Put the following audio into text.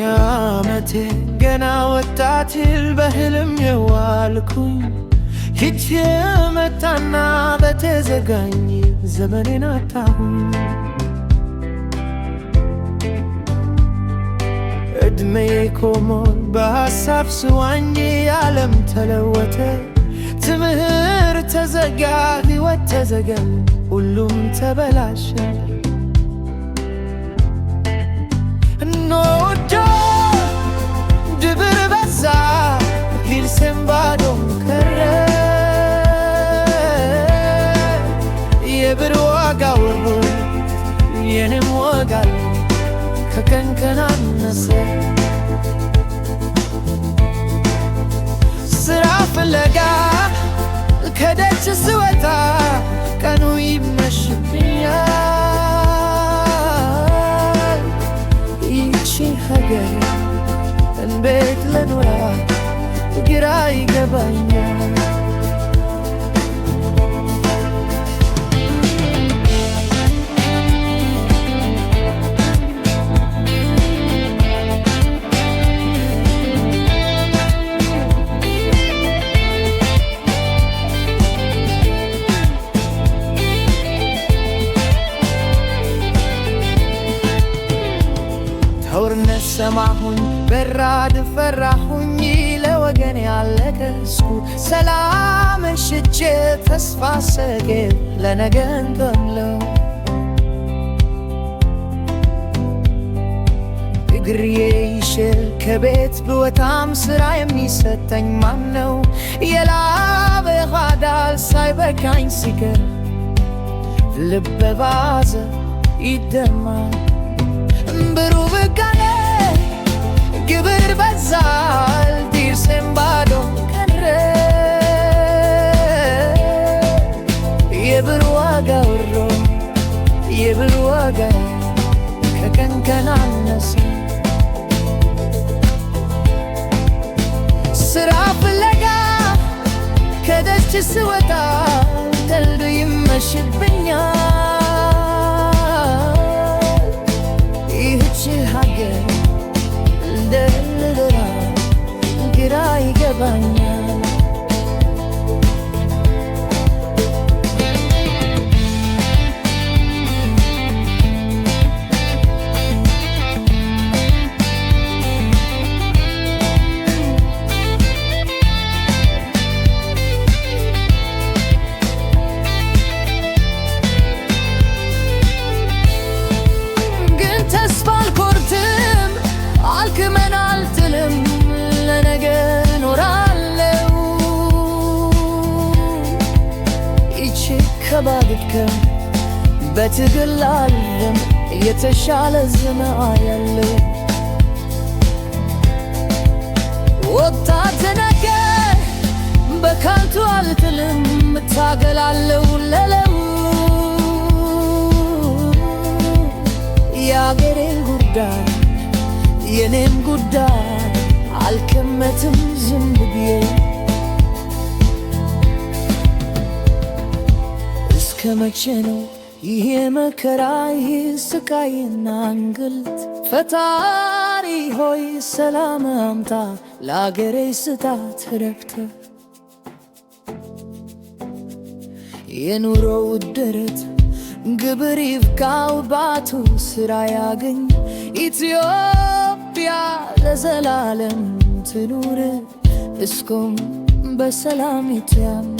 ያመቴ ገና ወጣትል በህልም የዋልኩኝ ይች የመጣና በተዘጋኝ ዘመኔን አጣሁኝ። እድሜ ቆሞ በሀሳብ ስዋኝ የዓለም ተለወተ ትምህርት ተዘጋ፣ ህይወት ተዘገን፣ ሁሉም ተበላሸ። ይዋጋል ከቀን ቀን አነሰ ስራ ፍለጋ ከደጅ ስወጣ ቀኑ ይመሽብኛል። ይቺን ሀገር እንዴት ልኖራት ግራ ይገባኝ ተሰማሁኝ በራድ ፈራሁኝ ለወገን ያለቀስኩ ሰላም ሽቼ ተስፋ ሰጌ ለነገን ተምለው እግርዬ ይሽል ከቤት ብወታም ስራ የሚሰጠኝ ማን ነው? የላበ ኋዳል ሳይበቃኝ ሲገር ልበባዘ ይደማል ወሮ የብር ዋጋዬ ከቀን ቀን አነሰ። ስራ ፍለጋ ከደጅ ስወጣ ቀልዱ ይመሽብኛል። አልባግድክም በትግል አልፍም የተሻለ ዝና ያለ ወጣት ነገር በካልቱ አልጥልም እታገላለሁ ለለው የአገሬ ጉዳይ የኔም ጉዳይ አልከመትም ዝም ብዬ እስከ መቼ ነው ይሄ መከራ ይሄ ስቃይና እንግልት? ፈጣሪ ሆይ ሰላም አምጣ፣ ለአገሬ ስታት ረብተ የኑሮ ውደረት ግብር ይፍቃው ባቱ ስራ ያገኝ ኢትዮጵያ ለዘላለም ትኑር፣ እስኩም በሰላም ይትያም